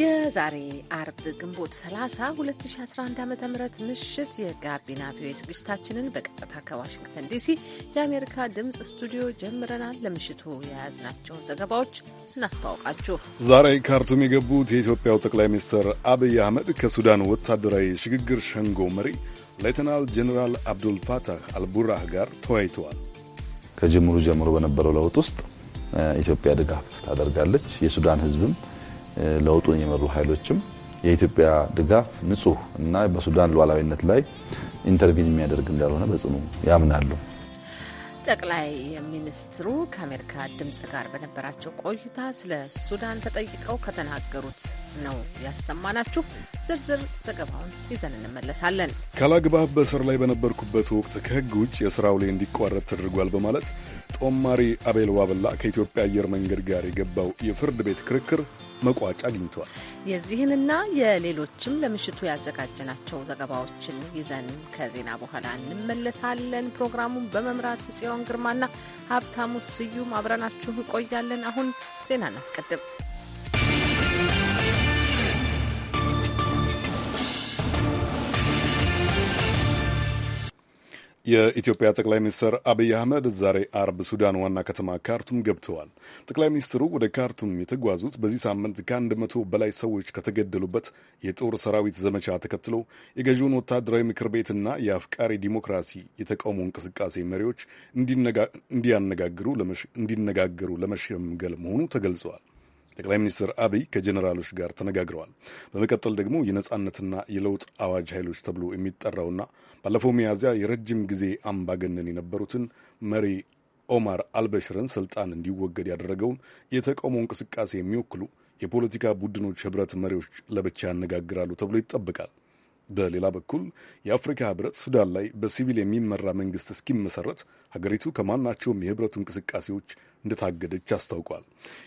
የዛሬ አርብ ግንቦት 30 2011 ዓ ም ምሽት የጋቢና ቪኦኤ ዝግጅታችንን በቀጥታ ከዋሽንግተን ዲሲ የአሜሪካ ድምፅ ስቱዲዮ ጀምረናል። ለምሽቱ የያዝናቸውን ዘገባዎች እናስተዋውቃችሁ። ዛሬ ካርቱም የገቡት የኢትዮጵያው ጠቅላይ ሚኒስትር አብይ አህመድ ከሱዳን ወታደራዊ ሽግግር ሸንጎ መሪ ሌተናል ጀኔራል አብዱል ፋታህ አልቡራህ ጋር ተወያይተዋል። ከጅምሩ ጀምሮ በነበረው ለውጥ ውስጥ ኢትዮጵያ ድጋፍ ታደርጋለች የሱዳን ህዝብም ለውጡን የመሩ ኃይሎችም የኢትዮጵያ ድጋፍ ንጹህ እና በሱዳን ሉዓላዊነት ላይ ኢንተርቪን የሚያደርግ እንዳልሆነ በጽኑ ያምናሉ። ጠቅላይ ሚኒስትሩ ከአሜሪካ ድምፅ ጋር በነበራቸው ቆይታ ስለ ሱዳን ተጠይቀው ከተናገሩት ነው ያሰማናችሁ። ዝርዝር ዘገባውን ይዘን እንመለሳለን። ካላግባብ በእስር ላይ በነበርኩበት ወቅት ከህግ ውጭ የስራ ውሌ እንዲቋረጥ ተደርጓል በማለት ጦማሪ አቤል ዋበላ ከኢትዮጵያ አየር መንገድ ጋር የገባው የፍርድ ቤት ክርክር መቋጫ አግኝተዋል። የዚህንና የሌሎችም ለምሽቱ ያዘጋጀናቸው ዘገባዎችን ይዘን ከዜና በኋላ እንመለሳለን። ፕሮግራሙን በመምራት ጽዮን ግርማና ሀብታሙ ስዩም አብረናችሁ እንቆያለን። አሁን ዜና እናስቀድም። የኢትዮጵያ ጠቅላይ ሚኒስትር አብይ አህመድ ዛሬ አርብ ሱዳን ዋና ከተማ ካርቱም ገብተዋል። ጠቅላይ ሚኒስትሩ ወደ ካርቱም የተጓዙት በዚህ ሳምንት ከአንድ መቶ በላይ ሰዎች ከተገደሉበት የጦር ሰራዊት ዘመቻ ተከትሎ የገዢውን ወታደራዊ ምክር ቤትና የአፍቃሪ ዲሞክራሲ የተቃውሞ እንቅስቃሴ መሪዎች እንዲያነጋግሩ ለመሸምገል መሆኑ ተገልጸዋል። ጠቅላይ ሚኒስትር አብይ ከጀኔራሎች ጋር ተነጋግረዋል። በመቀጠል ደግሞ የነጻነትና የለውጥ አዋጅ ኃይሎች ተብሎ የሚጠራውና ባለፈው ሚያዝያ የረጅም ጊዜ አምባገነን የነበሩትን መሪ ኦማር አልበሽርን ስልጣን እንዲወገድ ያደረገውን የተቃውሞ እንቅስቃሴ የሚወክሉ የፖለቲካ ቡድኖች ህብረት መሪዎች ለብቻ ያነጋግራሉ ተብሎ ይጠበቃል። በሌላ በኩል የአፍሪካ ህብረት ሱዳን ላይ በሲቪል የሚመራ መንግስት እስኪመሰረት ሀገሪቱ ከማናቸውም የህብረቱ እንቅስቃሴዎች እንደታገደች አስታውቋል።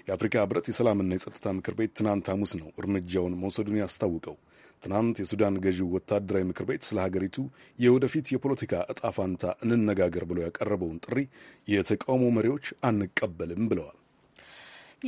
የአፍሪካ ህብረት የሰላምና የጸጥታ ምክር ቤት ትናንት ሐሙስ ነው እርምጃውን መውሰዱን ያስታውቀው። ትናንት የሱዳን ገዢው ወታደራዊ ምክር ቤት ስለ ሀገሪቱ የወደፊት የፖለቲካ እጣ ፋንታ እንነጋገር ብሎ ያቀረበውን ጥሪ የተቃውሞ መሪዎች አንቀበልም ብለዋል።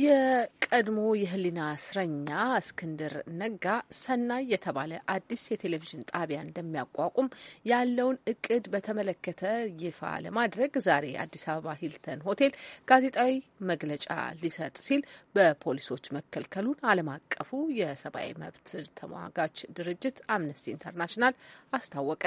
የቀድሞ የህሊና እስረኛ እስክንድር ነጋ ሰናይ የተባለ አዲስ የቴሌቪዥን ጣቢያ እንደሚያቋቁም ያለውን እቅድ በተመለከተ ይፋ ለማድረግ ዛሬ አዲስ አበባ ሂልተን ሆቴል ጋዜጣዊ መግለጫ ሊሰጥ ሲል በፖሊሶች መከልከሉን ዓለም አቀፉ የሰብአዊ መብት ተሟጋች ድርጅት አምነስቲ ኢንተርናሽናል አስታወቀ።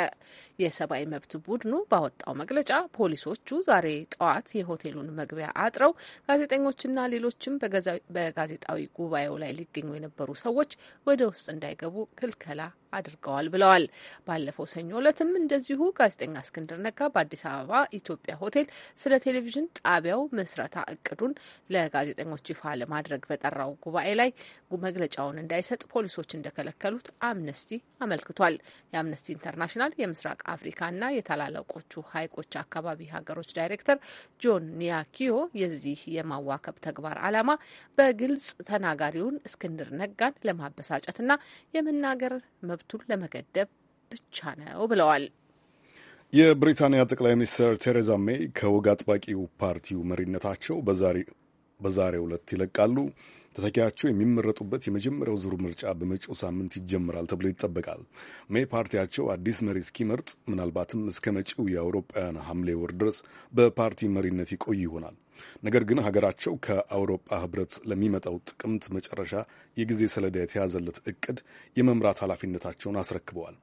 የሰብአዊ መብት ቡድኑ ባወጣው መግለጫ ፖሊሶቹ ዛሬ ጠዋት የሆቴሉን መግቢያ አጥረው ጋዜጠኞችና ሌሎችም በተጨማሪም በጋዜጣዊ ጉባኤው ላይ ሊገኙ የነበሩ ሰዎች ወደ ውስጥ እንዳይገቡ ክልከላ አድርገዋል ብለዋል። ባለፈው ሰኞ ዕለትም እንደዚሁ ጋዜጠኛ እስክንድር ነጋ በአዲስ አበባ ኢትዮጵያ ሆቴል ስለ ቴሌቪዥን ጣቢያው መስረታ እቅዱን ለጋዜጠኞች ይፋ ለማድረግ በጠራው ጉባኤ ላይ መግለጫውን እንዳይሰጥ ፖሊሶች እንደከለከሉት አምነስቲ አመልክቷል። የአምነስቲ ኢንተርናሽናል የምስራቅ አፍሪካና የታላላቆቹ ሐይቆች አካባቢ ሀገሮች ዳይሬክተር ጆን ኒያኪዮ የዚህ የማዋከብ ተግባር ዓላማ በግልጽ ተናጋሪውን እስክንድር ነጋን ለማበሳጨትና የመናገር መብቱን ለመገደብ ብቻ ነው ብለዋል። የብሪታንያ ጠቅላይ ሚኒስትር ቴሬዛ ሜይ ከወግ አጥባቂው ፓርቲው መሪነታቸው በዛሬ ዕለት ይለቃሉ። ተተኪያቸው የሚመረጡበት የመጀመሪያው ዙር ምርጫ በመጪው ሳምንት ይጀምራል ተብሎ ይጠበቃል። ሜይ ፓርቲያቸው አዲስ መሪ እስኪመርጥ ምናልባትም እስከ መጪው የአውሮፓውያን ሐምሌ ወር ድረስ በፓርቲ መሪነት ይቆይ ይሆናል። ነገር ግን ሀገራቸው ከአውሮፓ ህብረት ለሚመጣው ጥቅምት መጨረሻ የጊዜ ሰሌዳ የተያዘለት እቅድ የመምራት ኃላፊነታቸውን አስረክበዋል።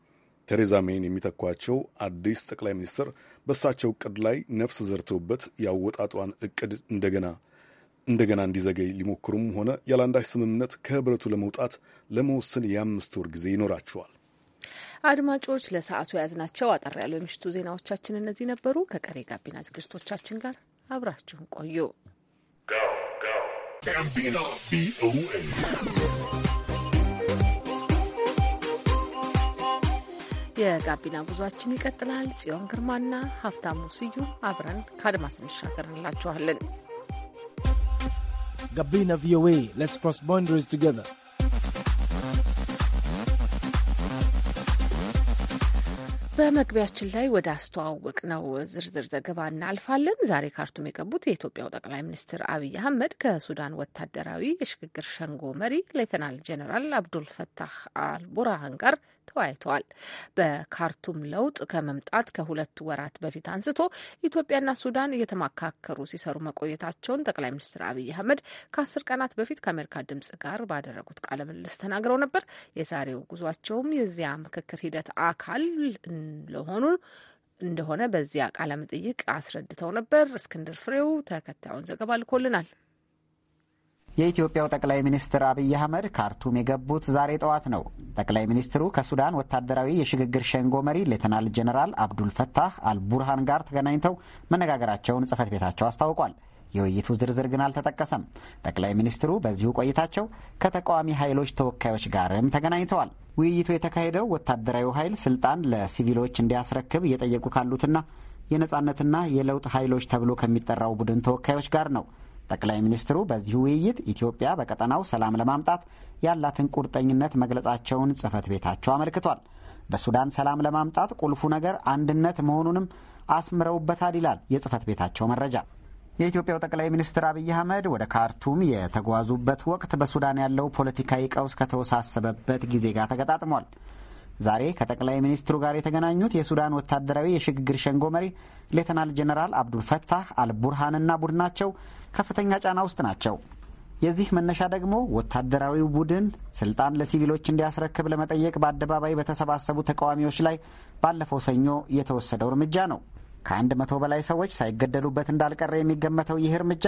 ቴሬዛ ሜይን የሚተኳቸው አዲስ ጠቅላይ ሚኒስትር በእሳቸው እቅድ ላይ ነፍስ ዘርተውበት የአወጣጧን እቅድ እንደገና እንደገና እንዲዘገይ ሊሞክሩም ሆነ ያለአንዳች ስምምነት ከህብረቱ ለመውጣት ለመወሰን የአምስት ወር ጊዜ ይኖራቸዋል። አድማጮች፣ ለሰዓቱ የያዝናቸው አጠር ያሉ የምሽቱ ዜናዎቻችን እነዚህ ነበሩ። ከቀሪ ጋቢና ዝግጅቶቻችን ጋር አብራችሁን ቆዩ። የጋቢና ጉዟችን ይቀጥላል። ጽዮን ግርማና ሀብታሙ ስዩም አብረን ከአድማስ እንሻገር እንላችኋለን። Gabina VOA. Let's cross boundaries together. በመግቢያችን ላይ ወደ አስተዋወቅ ነው ዝርዝር ዘገባ እናልፋለን። ዛሬ ካርቱም የገቡት የኢትዮጵያው ጠቅላይ ሚኒስትር አብይ አህመድ ከሱዳን ወታደራዊ የሽግግር ሸንጎ መሪ ሌተናል ጀኔራል አብዱልፈታህ ፈታህ አልቡርሃን ጋር ተወያይተዋል። በካርቱም ለውጥ ከመምጣት ከሁለት ወራት በፊት አንስቶ ኢትዮጵያና ሱዳን እየተማካከሩ ሲሰሩ መቆየታቸውን ጠቅላይ ሚኒስትር አብይ አህመድ ከአስር ቀናት በፊት ከአሜሪካ ድምጽ ጋር ባደረጉት ቃለ ምልልስ ተናግረው ነበር። የዛሬው ጉዟቸውም የዚያ ምክክር ሂደት አካል ለሆኑ እንደሆነ በዚያ ቃለ መጠይቅ አስረድተው ነበር። እስክንድር ፍሬው ተከታዩን ዘገባ ልኮልናል። የኢትዮጵያው ጠቅላይ ሚኒስትር አብይ አህመድ ካርቱም የገቡት ዛሬ ጠዋት ነው። ጠቅላይ ሚኒስትሩ ከሱዳን ወታደራዊ የሽግግር ሸንጎ መሪ ሌተናል ጀኔራል አብዱልፈታህ አልቡርሃን ጋር ተገናኝተው መነጋገራቸውን ጽህፈት ቤታቸው አስታውቋል። የውይይቱ ዝርዝር ግን አልተጠቀሰም። ጠቅላይ ሚኒስትሩ በዚሁ ቆይታቸው ከተቃዋሚ ኃይሎች ተወካዮች ጋርም ተገናኝተዋል። ውይይቱ የተካሄደው ወታደራዊ ኃይል ስልጣን ለሲቪሎች እንዲያስረክብ እየጠየቁ ካሉትና የነጻነትና የለውጥ ኃይሎች ተብሎ ከሚጠራው ቡድን ተወካዮች ጋር ነው። ጠቅላይ ሚኒስትሩ በዚህ ውይይት ኢትዮጵያ በቀጠናው ሰላም ለማምጣት ያላትን ቁርጠኝነት መግለጻቸውን ጽህፈት ቤታቸው አመልክቷል። በሱዳን ሰላም ለማምጣት ቁልፉ ነገር አንድነት መሆኑንም አስምረውበታል ይላል የጽህፈት ቤታቸው መረጃ። የኢትዮጵያው ጠቅላይ ሚኒስትር አብይ አህመድ ወደ ካርቱም የተጓዙበት ወቅት በሱዳን ያለው ፖለቲካዊ ቀውስ ከተወሳሰበበት ጊዜ ጋር ተገጣጥሟል። ዛሬ ከጠቅላይ ሚኒስትሩ ጋር የተገናኙት የሱዳን ወታደራዊ የሽግግር ሸንጎ መሪ ሌተናል ጀነራል አብዱልፈታህ አልቡርሃንና ቡድናቸው ከፍተኛ ጫና ውስጥ ናቸው። የዚህ መነሻ ደግሞ ወታደራዊው ቡድን ስልጣን ለሲቪሎች እንዲያስረክብ ለመጠየቅ በአደባባይ በተሰባሰቡ ተቃዋሚዎች ላይ ባለፈው ሰኞ የተወሰደው እርምጃ ነው። ከአንድ መቶ በላይ ሰዎች ሳይገደሉበት እንዳልቀረ የሚገመተው ይህ እርምጃ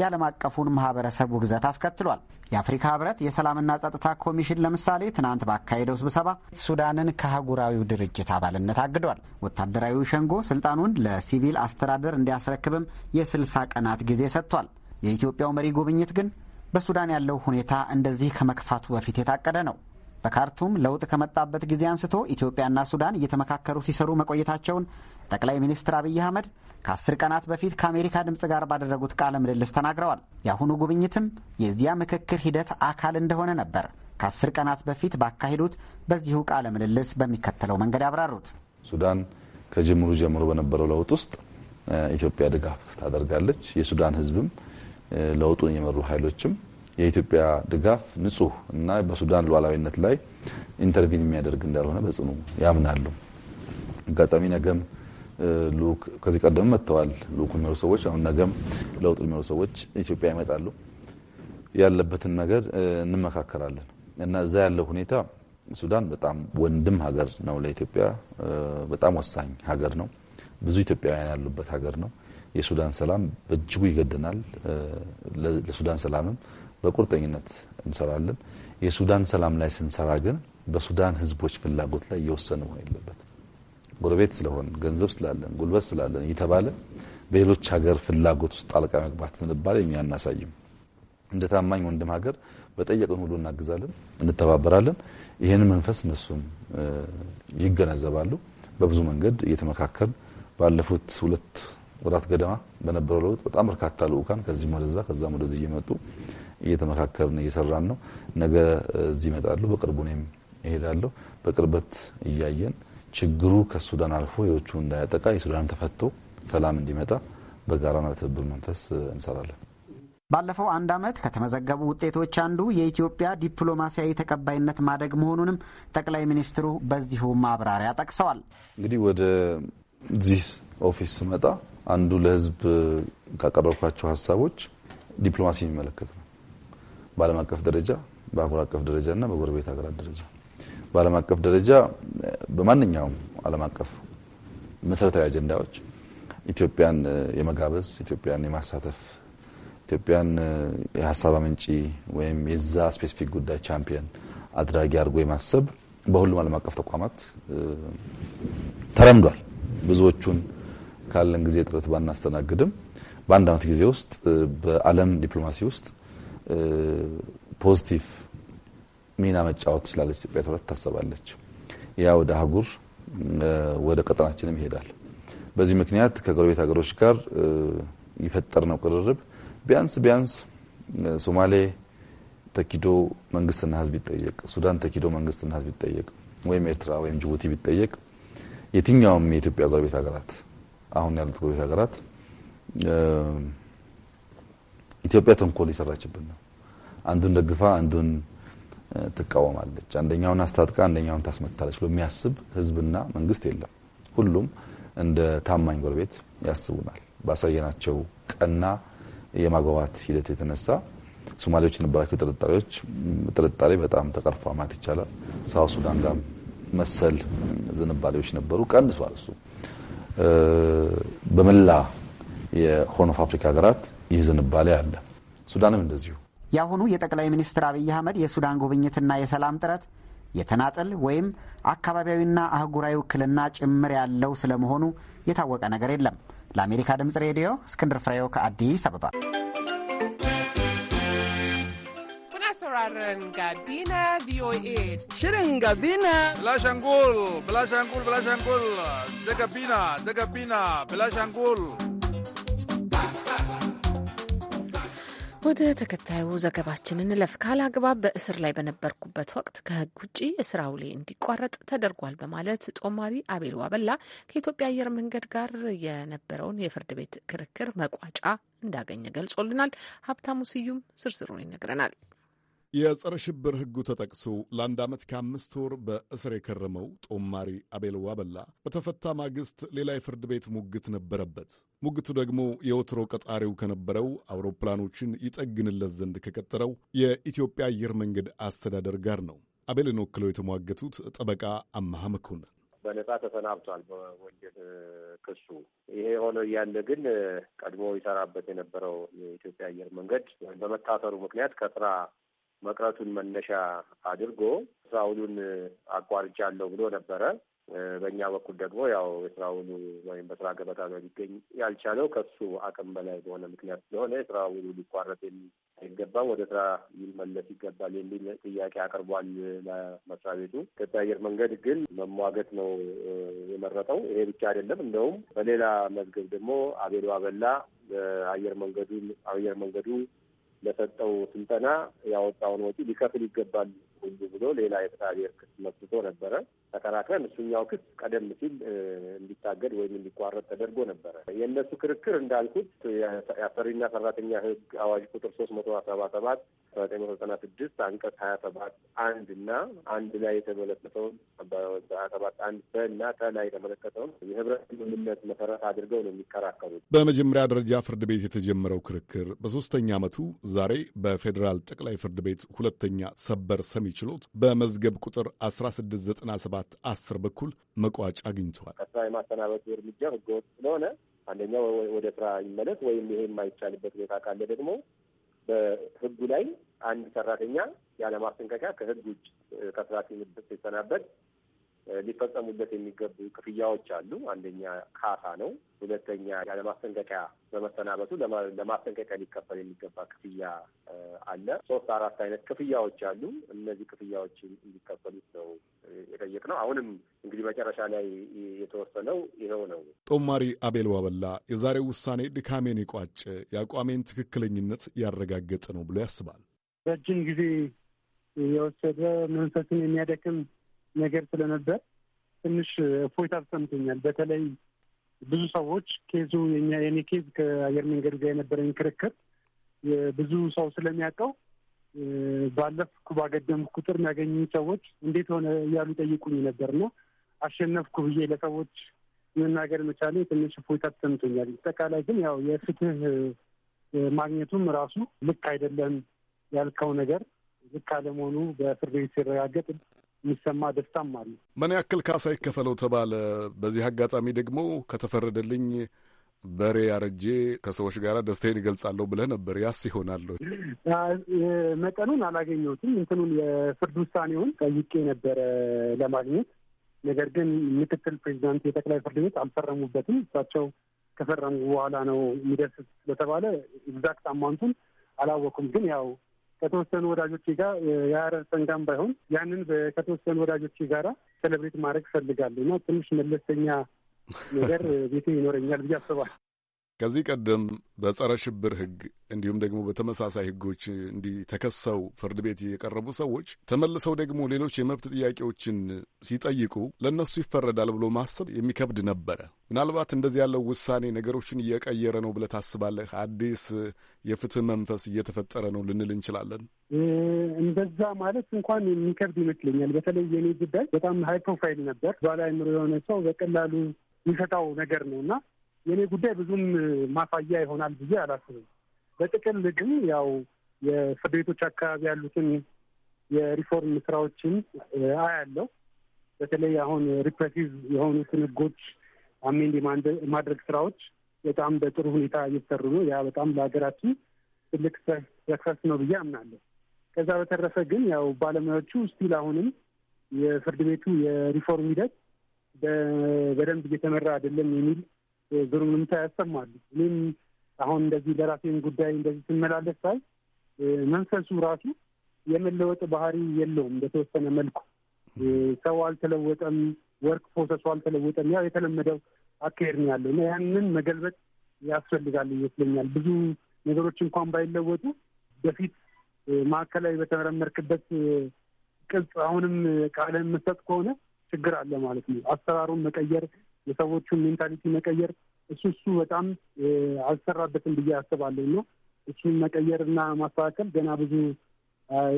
የዓለም አቀፉን ማህበረሰብ ውግዘት አስከትሏል። የአፍሪካ ህብረት የሰላምና ጸጥታ ኮሚሽን ለምሳሌ ትናንት ባካሄደው ስብሰባ ሱዳንን ከአህጉራዊው ድርጅት አባልነት አግዷል። ወታደራዊ ሸንጎ ስልጣኑን ለሲቪል አስተዳደር እንዲያስረክብም የስልሳ ቀናት ጊዜ ሰጥቷል። የኢትዮጵያው መሪ ጉብኝት ግን በሱዳን ያለው ሁኔታ እንደዚህ ከመክፋቱ በፊት የታቀደ ነው። በካርቱም ለውጥ ከመጣበት ጊዜ አንስቶ ኢትዮጵያና ሱዳን እየተመካከሩ ሲሰሩ መቆየታቸውን ጠቅላይ ሚኒስትር አብይ አህመድ ከአስር ቀናት በፊት ከአሜሪካ ድምፅ ጋር ባደረጉት ቃለ ምልልስ ተናግረዋል። የአሁኑ ጉብኝትም የዚያ ምክክር ሂደት አካል እንደሆነ ነበር ከአስር ቀናት በፊት ባካሄዱት በዚሁ ቃለ ምልልስ በሚከተለው መንገድ ያብራሩት። ሱዳን ከጅምሩ ጀምሮ በነበረው ለውጥ ውስጥ ኢትዮጵያ ድጋፍ ታደርጋለች። የሱዳን ሕዝብም ለውጡን የመሩ ኃይሎችም የኢትዮጵያ ድጋፍ ንጹህ እና በሱዳን ሉዓላዊነት ላይ ኢንተርቪን የሚያደርግ እንዳልሆነ በጽኑ ያምናሉ። አጋጣሚ ነገም ልኡክ ከዚህ ቀደም መጥተዋል። ልኡክ የሚመሩ ሰዎች አሁን ነገም ለውጥ የሚመሩ ሰዎች ኢትዮጵያ ይመጣሉ። ያለበትን ነገር እንመካከራለን እና እዛ ያለው ሁኔታ ሱዳን በጣም ወንድም ሀገር ነው ለኢትዮጵያ በጣም ወሳኝ ሀገር ነው። ብዙ ኢትዮጵያውያን ያሉበት ሀገር ነው። የሱዳን ሰላም በእጅጉ ይገደናል። ለሱዳን ሰላምም በቁርጠኝነት እንሰራለን። የሱዳን ሰላም ላይ ስንሰራ ግን በሱዳን ህዝቦች ፍላጎት ላይ እየወሰነ መሆን የለበት። ጎረቤት ስለሆን ገንዘብ ስላለን ጉልበት ስላለን እየተባለ በሌሎች ሀገር ፍላጎት ውስጥ ጣልቃ መግባት ዝንባሌ እኛ አናሳይም። እንደ ታማኝ ወንድም ሀገር በጠየቅን ሁሉ እናግዛለን፣ እንተባበራለን። ይህን መንፈስ እነሱም ይገነዘባሉ። በብዙ መንገድ እየተመካከል ባለፉት ሁለት ወራት ገደማ በነበረው ለውጥ በጣም በርካታ ልኡካን ከዚህም ወደዛ ከዛም ወደዚህ እየመጡ እየተመካከርን እየሰራን ነው። ነገ እዚህ ይመጣሉ። በቅርቡ እኔም እሄዳለሁ። በቅርበት እያየን ችግሩ ከሱዳን አልፎ የዎቹ እንዳያጠቃ የሱዳን ተፈቶ ሰላም እንዲመጣ በጋራና በትብብር መንፈስ እንሰራለን። ባለፈው አንድ ዓመት ከተመዘገቡ ውጤቶች አንዱ የኢትዮጵያ ዲፕሎማሲያዊ ተቀባይነት ማደግ መሆኑንም ጠቅላይ ሚኒስትሩ በዚሁ ማብራሪያ ጠቅሰዋል። እንግዲህ ወደዚህ ኦፊስ ስመጣ አንዱ ለህዝብ ካቀረብኳቸው ሀሳቦች ዲፕሎማሲ የሚመለከት ነው። በዓለም አቀፍ ደረጃ በአህጉር አቀፍ ደረጃና በጎረቤት ሀገራት ደረጃ በዓለም አቀፍ ደረጃ በማንኛውም ዓለም አቀፍ መሰረታዊ አጀንዳዎች ኢትዮጵያን የመጋበዝ ኢትዮጵያን የማሳተፍ ኢትዮጵያን የሀሳብ አመንጪ ወይም የዛ ስፔሲፊክ ጉዳይ ቻምፒየን አድራጊ አድርጎ የማሰብ በሁሉም ዓለም አቀፍ ተቋማት ተለምዷል። ብዙዎቹን ካለን ጊዜ ጥረት ባናስተናግድም በአንድ አመት ጊዜ ውስጥ በዓለም ዲፕሎማሲ ውስጥ ፖዚቲቭ ሚና መጫወት ትችላለች ኢትዮጵያ ተብላ ትታሰባለች። ያ ወደ አህጉር ወደ ቀጠናችንም ይሄዳል። በዚህ ምክንያት ከጎረቤት ሀገሮች ጋር የፈጠርነው ቅርርብ ቢያንስ ቢያንስ ሶማሌ ተኪዶ መንግስትና ህዝብ ቢጠየቅ፣ ሱዳን ተኪዶ መንግስትና ህዝብ ቢጠየቅ፣ ወይም ኤርትራ ወይም ጅቡቲ ቢጠየቅ የትኛውም የኢትዮጵያ ጎረቤት ሀገራት አሁን ያሉት ጎረቤት ሀገራት ኢትዮጵያ ተንኮል የሰራችብን ነው። አንዱን ደግፋ አንዱን ትቃወማለች፣ አንደኛውን አስታጥቃ አንደኛውን ታስመታለች ብሎ የሚያስብ ህዝብና መንግስት የለም። ሁሉም እንደ ታማኝ ጎረቤት ያስቡናል። ባሳየናቸው ቀና የማግባባት ሂደት የተነሳ ሶማሌዎች የነበራቸው ጥርጣሬዎች ጥርጣሬ በጣም ተቀርፏ ማለት ይቻላል። ሳው ሱዳን ጋር መሰል ዝንባሌዎች ነበሩ፣ ቀንሷል። እሱ በመላ የሆርን ኦፍ አፍሪካ ሀገራት ይህ ዝንባሌ አለ። ሱዳንም እንደዚሁ። የአሁኑ የጠቅላይ ሚኒስትር አብይ አህመድ የሱዳን ጉብኝትና የሰላም ጥረት የተናጠል ወይም አካባቢያዊና አህጉራዊ ውክልና ጭምር ያለው ስለመሆኑ የታወቀ ነገር የለም። ለአሜሪካ ድምፅ ሬዲዮ እስክንድር ፍሬው ከአዲስ አበባ። shirin gabina bilashangul bilashangul bilashangul da gabina da ወደ ተከታዩ ዘገባችን እንለፍ። ካላግባብ በእስር ላይ በነበርኩበት ወቅት ከህግ ውጭ የስራ ውሌ እንዲቋረጥ ተደርጓል በማለት ጦማሪ አቤል ዋበላ ከኢትዮጵያ አየር መንገድ ጋር የነበረውን የፍርድ ቤት ክርክር መቋጫ እንዳገኘ ገልጾልናል። ሀብታሙ ስዩም ዝርዝሩን ይነግረናል። የጸረ ሽብር ህጉ ተጠቅሶ ለአንድ ዓመት ከአምስት ወር በእስር የከረመው ጦማሪ አቤል ዋበላ በተፈታ ማግስት ሌላ የፍርድ ቤት ሙግት ነበረበት። ሙግቱ ደግሞ የወትሮ ቀጣሪው ከነበረው አውሮፕላኖችን ይጠግንለት ዘንድ ከቀጠረው የኢትዮጵያ አየር መንገድ አስተዳደር ጋር ነው። አቤልን ወክለው የተሟገቱት ጠበቃ አመሃ መኮንን በነጻ ተሰናብቷል በወንጀል ክሱ። ይሄ የሆነ እያለ ግን ቀድሞ ይሰራበት የነበረው የኢትዮጵያ አየር መንገድ በመታሰሩ ምክንያት ከስራ መቅረቱን መነሻ አድርጎ ስራውሉን አቋርጫለሁ ብሎ ነበረ። በእኛ በኩል ደግሞ ያው የስራ ውሉ ወይም በስራ ገበታ ነው ሊገኝ ያልቻለው ከሱ አቅም በላይ በሆነ ምክንያት ስለሆነ የስራ ውሉ ሊቋረጥ አይገባም፣ ወደ ስራ ሊመለስ ይገባል የሚል ጥያቄ አቅርቧል ለመስሪያ ቤቱ። ኢትዮጵያ አየር መንገድ ግን መሟገት ነው የመረጠው። ይሄ ብቻ አይደለም። እንደውም በሌላ መዝገብ ደግሞ አቤሎ አበላ አየር መንገዱ አየር መንገዱ ለሰጠው ስልጠና ያወጣውን ወጪ ሊከፍል ይገባል ሁሉ ብሎ ሌላ የፍትሐ ብሔር ክስ መስርቶ ነበረ። ተከራክረን እሱኛው ክስ ቀደም ሲል እንዲታገድ ወይም እንዲቋረጥ ተደርጎ ነበረ። የእነሱ ክርክር እንዳልኩት የአሰሪና ሰራተኛ ህግ አዋጅ ቁጥር ሶስት መቶ ሰባ ሰባት ዘጠኝ መቶ ዘጠና ስድስት አንቀጽ ሀያ ሰባት አንድ እና አንድ ላይ የተመለከተውን ሀያ ሰባት አንድ በ እና ተ ላይ የተመለከተውን የህብረት ስምምነት መሰረት አድርገው ነው የሚከራከሩት። በመጀመሪያ ደረጃ ፍርድ ቤት የተጀመረው ክርክር በሶስተኛ ዓመቱ ዛሬ በፌዴራል ጠቅላይ ፍርድ ቤት ሁለተኛ ሰበር ሰሚ ችሎት በመዝገብ ቁጥር አስራ ስድስት ዘጠና ሰባት ሰባት አስር በኩል መቋጫ አግኝተዋል። ከስራ የማሰናበቱ እርምጃ ህገወጥ ስለሆነ አንደኛ ወደ ስራ ይመለስ ወይም ይሄ የማይቻልበት ሁኔታ ካለ ደግሞ በህጉ ላይ አንድ ሰራተኛ ያለማስጠንቀቂያ ከህግ ውጭ ከስራ ሲሰናበት ሊፈጸሙበት የሚገቡ ክፍያዎች አሉ። አንደኛ ካሳ ነው። ሁለተኛ ያለማስጠንቀቂያ በመሰናበቱ ለማስጠንቀቂያ ሊከፈል የሚገባ ክፍያ አለ። ሶስት አራት አይነት ክፍያዎች አሉ። እነዚህ ክፍያዎች እንዲከፈሉት ነው የጠየቅነው። አሁንም እንግዲህ መጨረሻ ላይ የተወሰነው ይኸው ነው። ጦማሪ አቤል ዋበላ የዛሬው ውሳኔ ድካሜን የቋጨ የአቋሜን ትክክለኝነት ያረጋገጠ ነው ብሎ ያስባል። ረጅም ጊዜ የወሰደ መንፈስን የሚያደክም ነገር ስለነበር ትንሽ እፎይታ ተሰምቶኛል። በተለይ ብዙ ሰዎች ኬዙ የኔ ኬዝ ከአየር መንገድ ጋር የነበረኝ ክርክር ብዙ ሰው ስለሚያውቀው ባለፍኩ ባገደምኩ ቁጥር የሚያገኙ ሰዎች እንዴት ሆነ እያሉ ጠይቁኝ ነበርና አሸነፍኩ ብዬ ለሰዎች መናገር መቻሌ ትንሽ እፎይታ ተሰምቶኛል። አጠቃላይ ግን ያው የፍትህ ማግኘቱም ራሱ ልክ አይደለም ያልከው ነገር ልክ አለመሆኑ በፍርድ ቤት ሲረጋገጥ የሚሰማ ደስታም አለ። ምን ያክል ካሳ ይከፈለው ተባለ? በዚህ አጋጣሚ ደግሞ ከተፈረደልኝ በሬ አረጄ ከሰዎች ጋር ደስታዬን ይገልጻለሁ ብለህ ነበር። ያስ ይሆናለሁ። መጠኑን አላገኘሁትም። እንትኑን የፍርድ ውሳኔውን ጠይቄ ነበረ ለማግኘት። ነገር ግን ምክትል ፕሬዚዳንት የጠቅላይ ፍርድ ቤት አልፈረሙበትም። እሳቸው ከፈረሙ በኋላ ነው የሚደርስ ስለተባለ ኤግዛክት አማንቱን አላወቁም። ግን ያው ከተወሰኑ ወዳጆቼ ጋር የሀረር ሰንጋም ባይሆን ያንን ከተወሰኑ ወዳጆቼ ጋራ ሴሌብሬት ማድረግ እፈልጋለሁ እና ትንሽ መለስተኛ ነገር ቤት ይኖረኛል ብዬ አስባል። ከዚህ ቀደም በጸረ ሽብር ሕግ እንዲሁም ደግሞ በተመሳሳይ ሕጎች እንዲተከሰው ፍርድ ቤት የቀረቡ ሰዎች ተመልሰው ደግሞ ሌሎች የመብት ጥያቄዎችን ሲጠይቁ ለእነሱ ይፈረዳል ብሎ ማሰብ የሚከብድ ነበረ። ምናልባት እንደዚህ ያለው ውሳኔ ነገሮችን እየቀየረ ነው ብለህ ታስባለህ? አዲስ የፍትህ መንፈስ እየተፈጠረ ነው ልንል እንችላለን? እንደዛ ማለት እንኳን የሚከብድ ይመስለኛል። በተለይ የኔ ጉዳይ በጣም ሀይ ፕሮፋይል ነበር። ኋላ አይምሮ የሆነ ሰው በቀላሉ የሚፈታው ነገር ነው እና የእኔ ጉዳይ ብዙም ማሳያ ይሆናል ብዬ አላስብም። በጥቅል ግን ያው የፍርድ ቤቶች አካባቢ ያሉትን የሪፎርም ስራዎችን አያለው። በተለይ አሁን ሪፕሬሲቭ የሆኑትን ህጎች አሜንድ የማድረግ ስራዎች በጣም በጥሩ ሁኔታ እየተሰሩ ነው። ያ በጣም ለሀገራችን ትልቅ ሰክሰስ ነው ብዬ አምናለሁ። ከዛ በተረፈ ግን ያው ባለሙያዎቹ ስቲል አሁንም የፍርድ ቤቱ የሪፎርም ሂደት በደንብ እየተመራ አይደለም የሚል ግሩምምታ ያሰማሉ። እኔም አሁን እንደዚህ ለራሴን ጉዳይ እንደዚህ ስመላለስ ሳይ መንፈሱ ራሱ የመለወጥ ባህሪ የለውም። በተወሰነ መልኩ ሰው አልተለወጠም፣ ወርክ ፕሮሰሱ አልተለወጠም። ያው የተለመደው አካሄድ ነው ያለው እና ያንን መገልበጥ ያስፈልጋል ይመስለኛል። ብዙ ነገሮች እንኳን ባይለወጡ በፊት ማዕከላዊ በተመረመርክበት ቅጽ አሁንም ቃለን መሰጥ ከሆነ ችግር አለ ማለት ነው። አሰራሩን መቀየር የሰዎቹን ሜንታሊቲ መቀየር እሱ እሱ በጣም አልሰራበትም ብዬ አስባለሁ ነው እሱን መቀየር እና ማስተካከል ገና ብዙ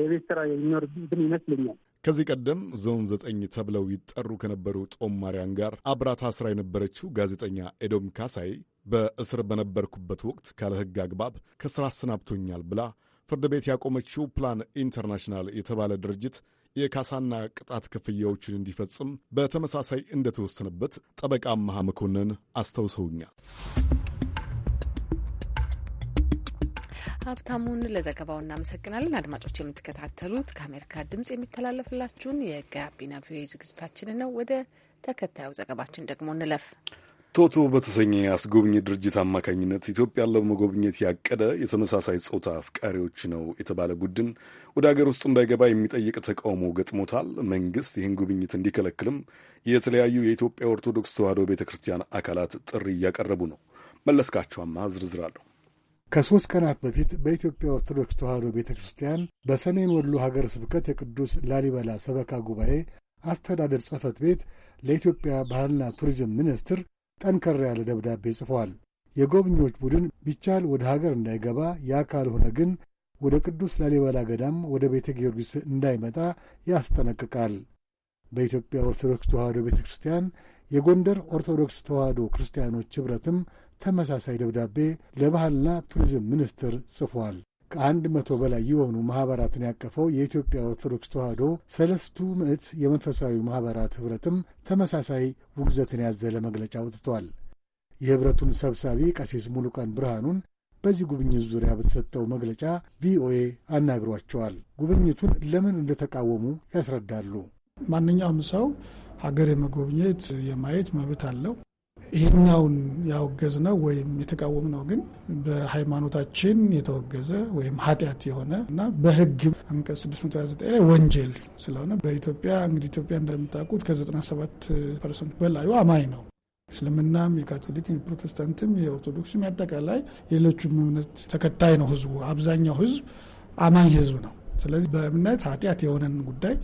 የቤት ስራ የሚኖርብን ይመስለኛል። ከዚህ ቀደም ዞን ዘጠኝ ተብለው ይጠሩ ከነበሩ ጦማሪያን ጋር አብራታ ስራ የነበረችው ጋዜጠኛ ኤዶም ካሳይ በእስር በነበርኩበት ወቅት ካለ ሕግ አግባብ ከስራ አሰናብቶኛል ብላ ፍርድ ቤት ያቆመችው ፕላን ኢንተርናሽናል የተባለ ድርጅት የካሳና ቅጣት ክፍያዎችን እንዲፈጽም በተመሳሳይ እንደተወሰነበት ጠበቃ አመሃ መኮንን አስታውሰውኛል። ሀብታሙን ለዘገባው እናመሰግናለን። አድማጮች የምትከታተሉት ከአሜሪካ ድምጽ የሚተላለፍላችሁን የጋቢና ቪኦኤ ዝግጅታችንን ነው። ወደ ተከታዩ ዘገባችን ደግሞ እንለፍ። ቶቶ በተሰኘ የአስጎብኚ ድርጅት አማካኝነት ኢትዮጵያን ለመጎብኘት ያቀደ የተመሳሳይ ጾታ አፍቃሪዎች ነው የተባለ ቡድን ወደ አገር ውስጥ እንዳይገባ የሚጠይቅ ተቃውሞ ገጥሞታል። መንግስት ይህን ጉብኝት እንዲከለክልም የተለያዩ የኢትዮጵያ ኦርቶዶክስ ተዋሕዶ ቤተ ክርስቲያን አካላት ጥሪ እያቀረቡ ነው። መለስካቸዋማ ዝርዝር አለሁ። ከሦስት ቀናት በፊት በኢትዮጵያ ኦርቶዶክስ ተዋሕዶ ቤተ ክርስቲያን በሰሜን ወሎ ሀገረ ስብከት የቅዱስ ላሊበላ ሰበካ ጉባኤ አስተዳደር ጽሕፈት ቤት ለኢትዮጵያ ባህልና ቱሪዝም ሚኒስትር ጠንከር ያለ ደብዳቤ ጽፏል። የጎብኚዎች ቡድን ቢቻል ወደ ሀገር እንዳይገባ፣ ያ ካልሆነ ግን ወደ ቅዱስ ላሊበላ ገዳም ወደ ቤተ ጊዮርጊስ እንዳይመጣ ያስጠነቅቃል። በኢትዮጵያ ኦርቶዶክስ ተዋሕዶ ቤተ ክርስቲያን የጎንደር ኦርቶዶክስ ተዋሕዶ ክርስቲያኖች ኅብረትም ተመሳሳይ ደብዳቤ ለባህልና ቱሪዝም ሚኒስትር ጽፏል። ከአንድ መቶ በላይ የሆኑ ማኅበራትን ያቀፈው የኢትዮጵያ ኦርቶዶክስ ተዋሕዶ ሰለስቱ ምዕት የመንፈሳዊ ማኅበራት ኅብረትም ተመሳሳይ ውግዘትን ያዘለ መግለጫ አውጥቷል። የኅብረቱን ሰብሳቢ ቀሲስ ሙሉቀን ብርሃኑን በዚህ ጉብኝት ዙሪያ በተሰጠው መግለጫ ቪኦኤ አናግሯቸዋል። ጉብኝቱን ለምን እንደተቃወሙ ያስረዳሉ። ማንኛውም ሰው ሀገር የመጎብኘት የማየት መብት አለው። ይህኛውን ያወገዝ ነው ወይም የተቃወም ነው ግን በሃይማኖታችን የተወገዘ ወይም ኃጢአት የሆነ እና በህግ አንቀጽ 629 ላይ ወንጀል ስለሆነ በኢትዮጵያ እንግዲህ ኢትዮጵያ እንደምታውቁት ከ97 ፐርሰንት በላዩ አማኝ ነው። እስልምናም የካቶሊክም የፕሮቴስታንትም የኦርቶዶክስም ያጠቃላይ ሌሎቹም እምነት ተከታይ ነው ህዝቡ። አብዛኛው ህዝብ አማኝ ህዝብ ነው። ስለዚህ በእምነት ኃጢአት የሆነን ጉዳይ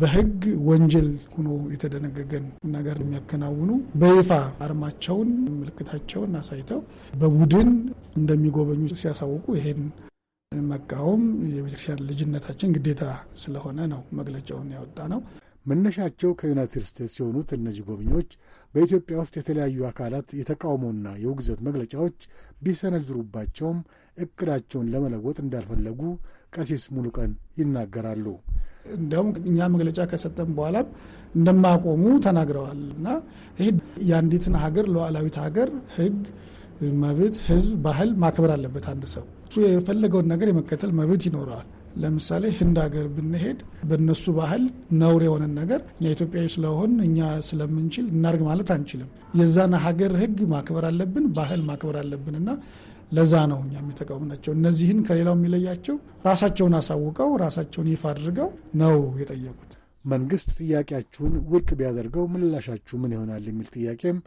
በህግ ወንጀል ሆኖ የተደነገገን ነገር የሚያከናውኑ በይፋ አርማቸውን፣ ምልክታቸውን አሳይተው በቡድን እንደሚጎበኙ ሲያሳውቁ ይሄን መቃወም የቤተክርስቲያን ልጅነታችን ግዴታ ስለሆነ ነው መግለጫውን ያወጣ ነው። መነሻቸው ከዩናይትድ ስቴትስ የሆኑት እነዚህ ጎብኚዎች በኢትዮጵያ ውስጥ የተለያዩ አካላት የተቃውሞና የውግዘት መግለጫዎች ቢሰነዝሩባቸውም እቅዳቸውን ለመለወጥ እንዳልፈለጉ ቀሲስ ሙሉቀን ይናገራሉ። እንዲያውም እኛ መግለጫ ከሰጠን በኋላም እንደማቆሙ ተናግረዋል እና ይህ የአንዲትን ሀገር ሉዓላዊት ሀገር ህግ መብት፣ ህዝብ ባህል ማክበር አለበት። አንድ ሰው እሱ የፈለገውን ነገር የመከተል መብት ይኖረዋል። ለምሳሌ ህንድ ሀገር ብንሄድ በነሱ ባህል ነውር የሆነን ነገር እኛ ኢትዮጵያዊ ስለሆን እኛ ስለምንችል እናርግ ማለት አንችልም። የዛን ሀገር ህግ ማክበር አለብን፣ ባህል ማክበር አለብን እና ለዛ ነው እኛም የተቃወምናቸው። እነዚህን ከሌላው የሚለያቸው ራሳቸውን አሳውቀው ራሳቸውን ይፋ አድርገው ነው የጠየቁት። መንግስት ጥያቄያችሁን ውድቅ ቢያደርገው ምላሻችሁ ምን ይሆናል የሚል ጥያቄም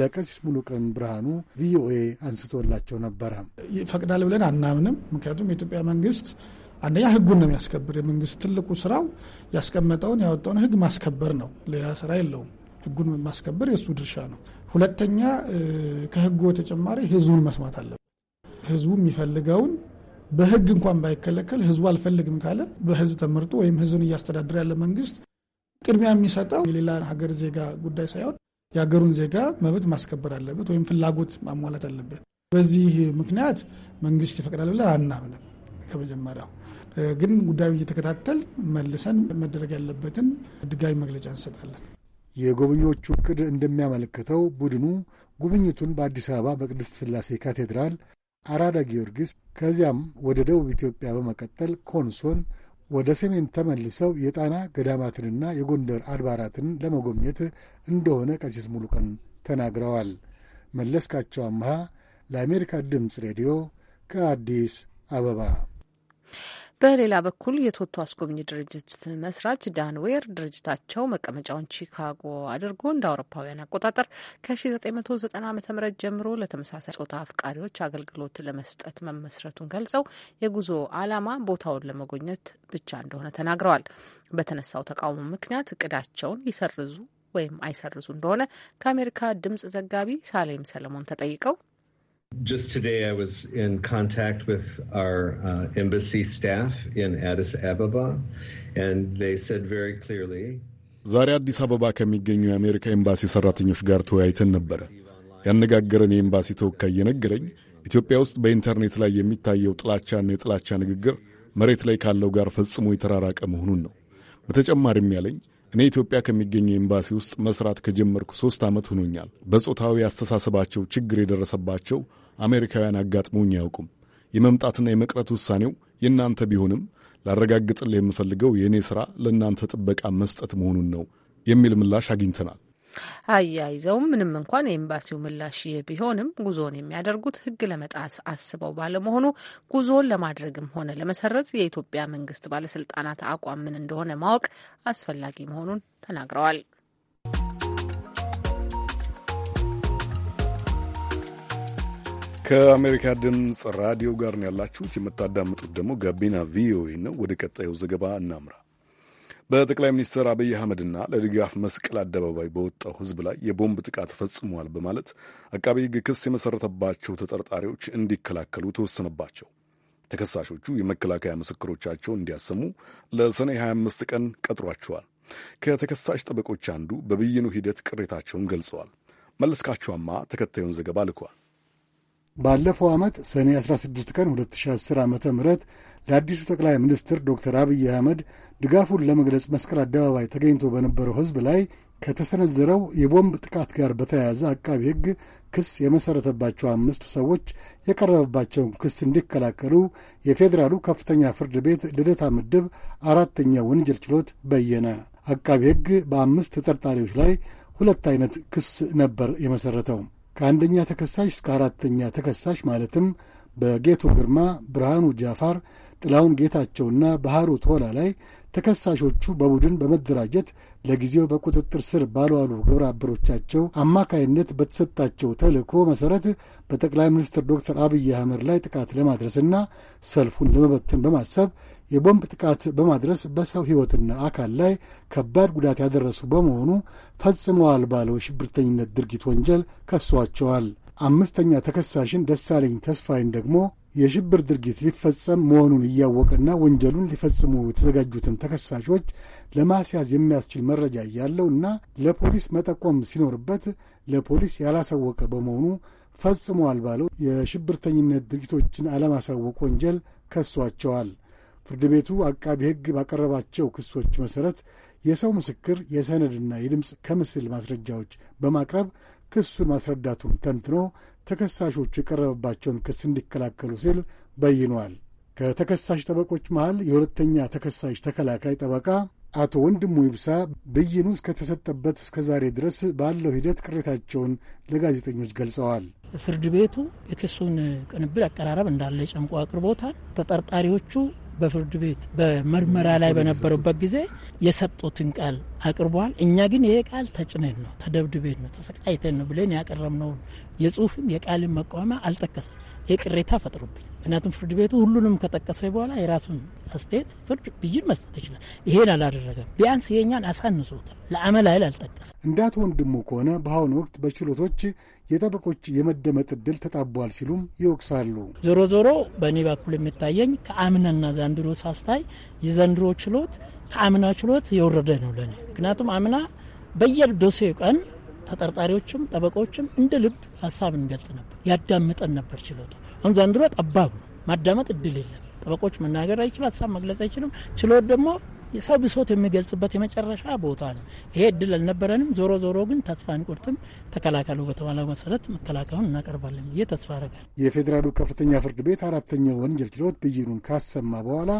ለቀሲስ ሙሉቀን ብርሃኑ ቪኦኤ አንስቶላቸው ነበረ። ይፈቅዳል ብለን አናምንም። ምክንያቱም የኢትዮጵያ መንግስት አንደኛ ህጉን ነው የሚያስከብር። የመንግስት ትልቁ ስራው ያስቀመጠውን ያወጣውን ህግ ማስከበር ነው። ሌላ ስራ የለውም። ህጉን ማስከበር የእሱ ድርሻ ነው። ሁለተኛ ከህጉ በተጨማሪ ህዝቡን መስማት አለበት። ህዝቡ የሚፈልገውን በህግ እንኳን ባይከለከል ህዝቡ አልፈልግም ካለ በህዝብ ተመርጦ ወይም ህዝብን እያስተዳደረ ያለ መንግስት ቅድሚያ የሚሰጠው የሌላ ሀገር ዜጋ ጉዳይ ሳይሆን የሀገሩን ዜጋ መብት ማስከበር አለበት ወይም ፍላጎት ማሟላት አለበት። በዚህ ምክንያት መንግስት ይፈቅዳል ብለን አናምንም። ከመጀመሪያው ግን ጉዳዩ እየተከታተል መልሰን መደረግ ያለበትን ድጋሚ መግለጫ እንሰጣለን። የጎብኚዎቹ እቅድ እንደሚያመለክተው ቡድኑ ጉብኝቱን በአዲስ አበባ በቅድስት ስላሴ ካቴድራል አራዳ ጊዮርጊስ፣ ከዚያም ወደ ደቡብ ኢትዮጵያ በመቀጠል ኮንሶን፣ ወደ ሰሜን ተመልሰው የጣና ገዳማትንና የጎንደር አድባራትን ለመጎብኘት እንደሆነ ቀሲስ ሙሉቀን ተናግረዋል። መለስካቸው አምሃ ለአሜሪካ ድምፅ ሬዲዮ ከአዲስ አበባ በሌላ በኩል የቶቶ አስጎብኝ ድርጅት መስራች ዳንዌር ድርጅታቸው መቀመጫውን ቺካጎ አድርጎ እንደ አውሮፓውያን አቆጣጠር ከ1990 ዓ ም ጀምሮ ለተመሳሳይ ጾታ አፍቃሪዎች አገልግሎት ለመስጠት መመስረቱን ገልጸው የጉዞ ዓላማ ቦታውን ለመጎኘት ብቻ እንደሆነ ተናግረዋል። በተነሳው ተቃውሞ ምክንያት እቅዳቸውን ይሰርዙ ወይም አይሰርዙ እንደሆነ ከአሜሪካ ድምጽ ዘጋቢ ሳሌም ሰለሞን ተጠይቀው Just today, I was in contact with our uh, embassy staff in Addis Ababa, and they said very clearly. ዛሬ አዲስ አበባ ከሚገኙ የአሜሪካ ኤምባሲ ሰራተኞች ጋር ተወያይተን ነበረ። ያነጋገረን የኤምባሲ ተወካይ የነገረኝ ኢትዮጵያ ውስጥ በኢንተርኔት ላይ የሚታየው ጥላቻና የጥላቻ ንግግር መሬት ላይ ካለው ጋር ፈጽሞ የተራራቀ መሆኑን ነው። በተጨማሪም ያለኝ እኔ ኢትዮጵያ ከሚገኘው ኤምባሲ ውስጥ መስራት ከጀመርኩ ሶስት ዓመት ሆኖኛል። በጾታዊ አስተሳሰባቸው ችግር የደረሰባቸው አሜሪካውያን አጋጥሞኝ አያውቁም። የመምጣትና የመቅረት ውሳኔው የእናንተ ቢሆንም ላረጋግጥል የምፈልገው የእኔ ስራ ለእናንተ ጥበቃ መስጠት መሆኑን ነው የሚል ምላሽ አግኝተናል። አያይዘውም ምንም እንኳን የኤምባሲው ምላሽ ይህ ቢሆንም ጉዞውን የሚያደርጉት ሕግ ለመጣስ አስበው ባለመሆኑ ጉዞውን ለማድረግም ሆነ ለመሰረዝ የኢትዮጵያ መንግስት ባለስልጣናት አቋም ምን እንደሆነ ማወቅ አስፈላጊ መሆኑን ተናግረዋል። ከአሜሪካ ድምፅ ራዲዮ ጋር ነው ያላችሁት። የምታዳምጡት ደግሞ ጋቢና ቪኦኤ ነው። ወደ ቀጣዩ ዘገባ እናምራ። በጠቅላይ ሚኒስትር አብይ አህመድና ለድጋፍ መስቀል አደባባይ በወጣው ሕዝብ ላይ የቦምብ ጥቃት ፈጽመዋል በማለት አቃቤ ሕግ ክስ የመሰረተባቸው ተጠርጣሪዎች እንዲከላከሉ ተወሰነባቸው። ተከሳሾቹ የመከላከያ ምስክሮቻቸውን እንዲያሰሙ ለሰኔ 25 ቀን ቀጥሯቸዋል። ከተከሳሽ ጠበቆች አንዱ በብይኑ ሂደት ቅሬታቸውን ገልጸዋል። መለስካቸዋማ ተከታዩን ዘገባ ልኳል። ባለፈው ዓመት ሰኔ 16 ቀን 2010 ዓ ም ለአዲሱ ጠቅላይ ሚኒስትር ዶክተር አብይ አህመድ ድጋፉን ለመግለጽ መስቀል አደባባይ ተገኝቶ በነበረው ሕዝብ ላይ ከተሰነዘረው የቦምብ ጥቃት ጋር በተያያዘ አቃቢ ሕግ ክስ የመሠረተባቸው አምስት ሰዎች የቀረበባቸውን ክስ እንዲከላከሉ የፌዴራሉ ከፍተኛ ፍርድ ቤት ልደታ ምድብ አራተኛ ወንጀል ችሎት በየነ። አቃቢ ሕግ በአምስት ተጠርጣሪዎች ላይ ሁለት አይነት ክስ ነበር የመሠረተው። ከአንደኛ ተከሳሽ እስከ አራተኛ ተከሳሽ ማለትም በጌቱ ግርማ፣ ብርሃኑ ጃፋር፣ ጥላውን ጌታቸውና ባህሩ ቶላ ላይ ተከሳሾቹ በቡድን በመደራጀት ለጊዜው በቁጥጥር ስር ባልዋሉ ግብረ አበሮቻቸው አማካይነት በተሰጣቸው ተልእኮ መሠረት በጠቅላይ ሚኒስትር ዶክተር አብይ አህመድ ላይ ጥቃት ለማድረስና ሰልፉን ለመበተን በማሰብ የቦምብ ጥቃት በማድረስ በሰው ሕይወትና አካል ላይ ከባድ ጉዳት ያደረሱ በመሆኑ ፈጽመዋል ባለው ሽብርተኝነት ድርጊት ወንጀል ከሷቸዋል። አምስተኛ ተከሳሽን ደሳለኝ ተስፋይን ደግሞ የሽብር ድርጊት ሊፈጸም መሆኑን እያወቀና ወንጀሉን ሊፈጽሙ የተዘጋጁትን ተከሳሾች ለማስያዝ የሚያስችል መረጃ እና ለፖሊስ መጠቆም ሲኖርበት ለፖሊስ ያላሳወቀ በመሆኑ ፈጽመዋል ባለው የሽብርተኝነት ድርጊቶችን አለማሳወቅ ወንጀል ከሷቸዋል። ፍርድ ቤቱ አቃቢ ሕግ ባቀረባቸው ክሶች መሠረት የሰው ምስክር የሰነድና የድምፅ ከምስል ማስረጃዎች በማቅረብ ክሱን ማስረዳቱን ተንትኖ ተከሳሾቹ የቀረበባቸውን ክስ እንዲከላከሉ ሲል በይኗል። ከተከሳሽ ጠበቆች መሃል የሁለተኛ ተከሳሽ ተከላካይ ጠበቃ አቶ ወንድሙ ይብሳ ብይኑ እስከተሰጠበት እስከ ዛሬ ድረስ ባለው ሂደት ቅሬታቸውን ለጋዜጠኞች ገልጸዋል። ፍርድ ቤቱ የክሱን ቅንብር አቀራረብ እንዳለ ጨምቆ አቅርቦታል። ተጠርጣሪዎቹ በፍርድ ቤት በምርመራ ላይ በነበሩበት ጊዜ የሰጡትን ቃል አቅርበዋል። እኛ ግን ይሄ ቃል ተጭነን ነው ተደብድቤን ነው ተሰቃይተን ነው ብለን ያቀረብነውን የጽሁፍም የቃልን መቃወሚያ አልጠቀሰም። ይህ ቅሬታ ፈጥሮብኝ ምክንያቱም ፍርድ ቤቱ ሁሉንም ከጠቀሰ በኋላ የራሱን አስተያየት ፍርድ ብይን መስጠት ይችላል። ይሄን አላደረገም። ቢያንስ ይሄኛን አሳንሶታል። ለአመል ኃይል አልጠቀሰም። እንደ አቶ ወንድሙ ከሆነ በአሁኑ ወቅት በችሎቶች የጠበቆች የመደመጥ እድል ተጣቧል ሲሉም ይወቅሳሉ። ዞሮ ዞሮ በእኔ በኩል የሚታየኝ ከአምናና ዘንድሮ ሳስታይ የዘንድሮ ችሎት ከአምና ችሎት የወረደ ነው ለኔ። ምክንያቱም አምና በየዶሴው ቀን ተጠርጣሪዎችም ጠበቆችም እንደ ልብ ሀሳብ እንገልጽ ነበር፣ ያዳምጠን ነበር ችሎቱ አሁን ዘንድሮ ጠባቡ ማዳመጥ እድል የለም። ጠበቆች መናገር አይችሉ፣ ሀሳብ መግለጽ አይችሉም። ችሎት ደግሞ የሰው ብሶት የሚገልጽበት የመጨረሻ ቦታ ነው። ይሄ እድል አልነበረንም። ዞሮ ዞሮ ግን ተስፋ አንቆርጥም። ተከላከሉ በተባለው መሰረት መከላከሉን እናቀርባለን ብዬ ተስፋ አረጋል። የፌዴራሉ ከፍተኛ ፍርድ ቤት አራተኛው ወንጀል ችሎት ብይኑን ካሰማ በኋላ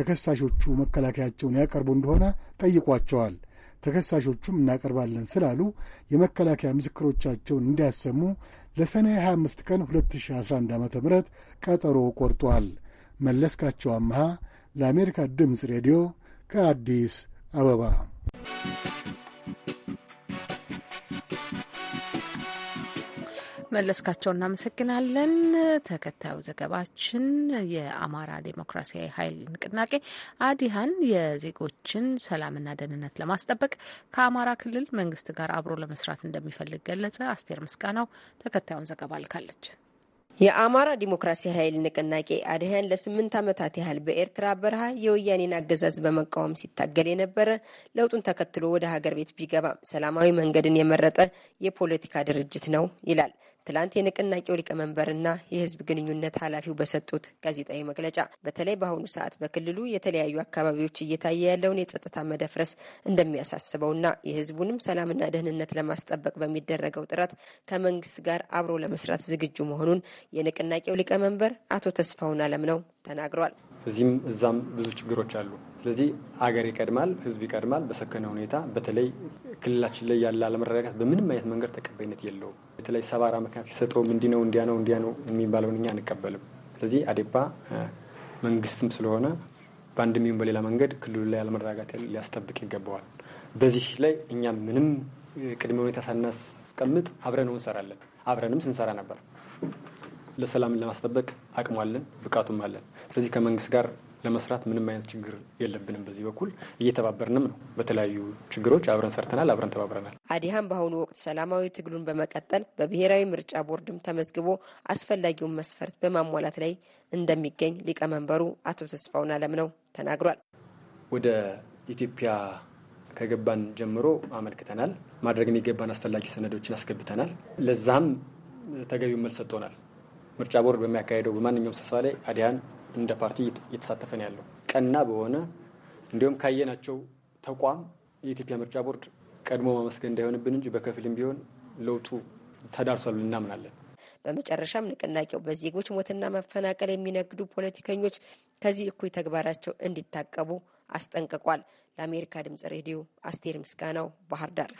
ተከሳሾቹ መከላከያቸውን ያቀርቡ እንደሆነ ጠይቋቸዋል። ተከሳሾቹም እናቀርባለን ስላሉ የመከላከያ ምስክሮቻቸውን እንዲያሰሙ ለሰኔ 25 ቀን 2011 ዓ ም ቀጠሮ ቆርጧል። መለስካቸው አምሃ ለአሜሪካ ድምፅ ሬዲዮ ከአዲስ አበባ መለስካቸው እናመሰግናለን። ተከታዩ ዘገባችን የአማራ ዴሞክራሲያዊ ኃይል ንቅናቄ አዲሃን የዜጎችን ሰላምና ደህንነት ለማስጠበቅ ከአማራ ክልል መንግስት ጋር አብሮ ለመስራት እንደሚፈልግ ገለጸ። አስቴር ምስጋናው ተከታዩን ዘገባ ልካለች። የአማራ ዲሞክራሲ ኃይል ንቅናቄ አድህያን ለስምንት ዓመታት ያህል በኤርትራ በረሃ የወያኔን አገዛዝ በመቃወም ሲታገል የነበረ ለውጡን ተከትሎ ወደ ሀገር ቤት ቢገባም ሰላማዊ መንገድን የመረጠ የፖለቲካ ድርጅት ነው ይላል። ትላንት የንቅናቄው ሊቀመንበርና የህዝብ ግንኙነት ኃላፊው በሰጡት ጋዜጣዊ መግለጫ በተለይ በአሁኑ ሰዓት በክልሉ የተለያዩ አካባቢዎች እየታየ ያለውን የጸጥታ መደፍረስ እንደሚያሳስበውና የህዝቡንም ሰላምና ደህንነት ለማስጠበቅ በሚደረገው ጥረት ከመንግስት ጋር አብሮ ለመስራት ዝግጁ መሆኑን የንቅናቄው ሊቀመንበር አቶ ተስፋውን ነው ተናግሯል። እዚህም እዛም ብዙ ችግሮች አሉ። ስለዚህ አገር ይቀድማል፣ ህዝብ ይቀድማል። በሰከነ ሁኔታ በተለይ ክልላችን ላይ ያለ አለመረጋጋት በምንም አይነት መንገድ ተቀባይነት የለውም። በተለይ ሰባራ ምክንያት የሰጠውም እንዲህ ነው እንዲያ ነው እንዲያ ነው የሚባለውን እኛ አንቀበልም። ስለዚህ አዴፓ መንግስትም ስለሆነ በአንድም ይሁን በሌላ መንገድ ክልሉ ላይ አለመረጋጋት ሊያስጠብቅ ይገባዋል። በዚህ ላይ እኛ ምንም ቅድመ ሁኔታ ሳናስቀምጥ አብረነው እንሰራለን። አብረንም ስንሰራ ነበር። ለሰላምን ለማስጠበቅ አቅሙ አለን፣ ብቃቱም አለን። ስለዚህ ከመንግስት ጋር ለመስራት ምንም አይነት ችግር የለብንም። በዚህ በኩል እየተባበርንም ነው። በተለያዩ ችግሮች አብረን ሰርተናል፣ አብረን ተባብረናል። አዲሃም በአሁኑ ወቅት ሰላማዊ ትግሉን በመቀጠል በብሔራዊ ምርጫ ቦርድም ተመዝግቦ አስፈላጊውን መስፈርት በማሟላት ላይ እንደሚገኝ ሊቀመንበሩ አቶ ተስፋውን ነው ተናግሯል። ወደ ኢትዮጵያ ከገባን ጀምሮ አመልክተናል። ማድረግ የሚገባን አስፈላጊ ሰነዶችን አስገብተናል። ለዛም ተገቢው መልስ ሰጥቶናል። ምርጫ ቦርድ በሚያካሄደው በማንኛውም ስብሰባ ላይ አዲያን እንደ ፓርቲ እየተሳተፈ ነው ያለው። ቀና በሆነ እንዲሁም ካየናቸው ተቋም የኢትዮጵያ ምርጫ ቦርድ ቀድሞ ማመስገን እንዳይሆንብን እንጂ በከፊልም ቢሆን ለውጡ ተዳርሷል እናምናለን። በመጨረሻም ንቅናቄው በዜጎች ሞትና መፈናቀል የሚነግዱ ፖለቲከኞች ከዚህ እኩይ ተግባራቸው እንዲታቀቡ አስጠንቅቋል። ለአሜሪካ ድምጽ ሬዲዮ አስቴር ምስጋናው ባህር ዳር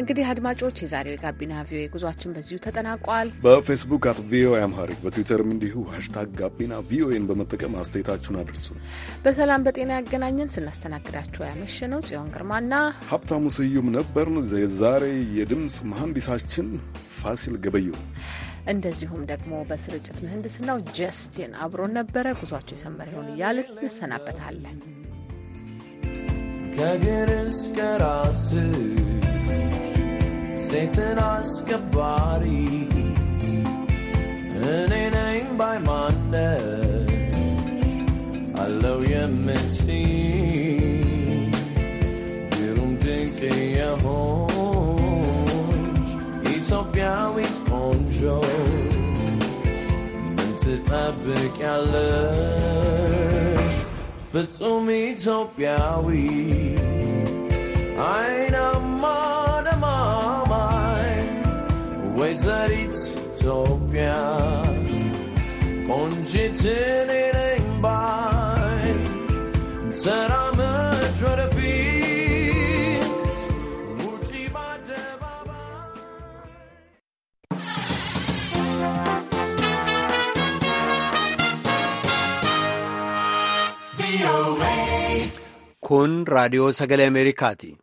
እንግዲህ አድማጮች የዛሬው የጋቢና ቪኦኤ ጉዟችን በዚሁ ተጠናቋል። በፌስቡክ አት ቪኦኤ አምሃሪክ በትዊተርም እንዲሁ ሀሽታግ ጋቢና ቪኦኤን በመጠቀም አስተያየታችሁን አድርሱ። በሰላም በጤና ያገናኘን። ስናስተናግዳችሁ ያመሸ ነው ጽዮን ግርማና ሀብታሙ ስዩም ነበርን። የዛሬ የድምፅ መሐንዲሳችን ፋሲል ገበዩ እንደዚሁም ደግሞ በስርጭት ምህንድስናው ጀስቲን አብሮን ነበረ። ጉዟቸው የሰመረ ይሆን እያልን እንሰናበታለን። ከግር እስከ ራስህ Saints and Oscar body. And ain't ain't by Monday. I love you, Mitzi. You don't think you're home. It's up, yeah, it's poncho. Mentet habe ich alles. Fürs it's up, yeah, we. I zăriți topia Poncițele în bai Țăra mea Kun raadiyoo sagalee Ameerikaati.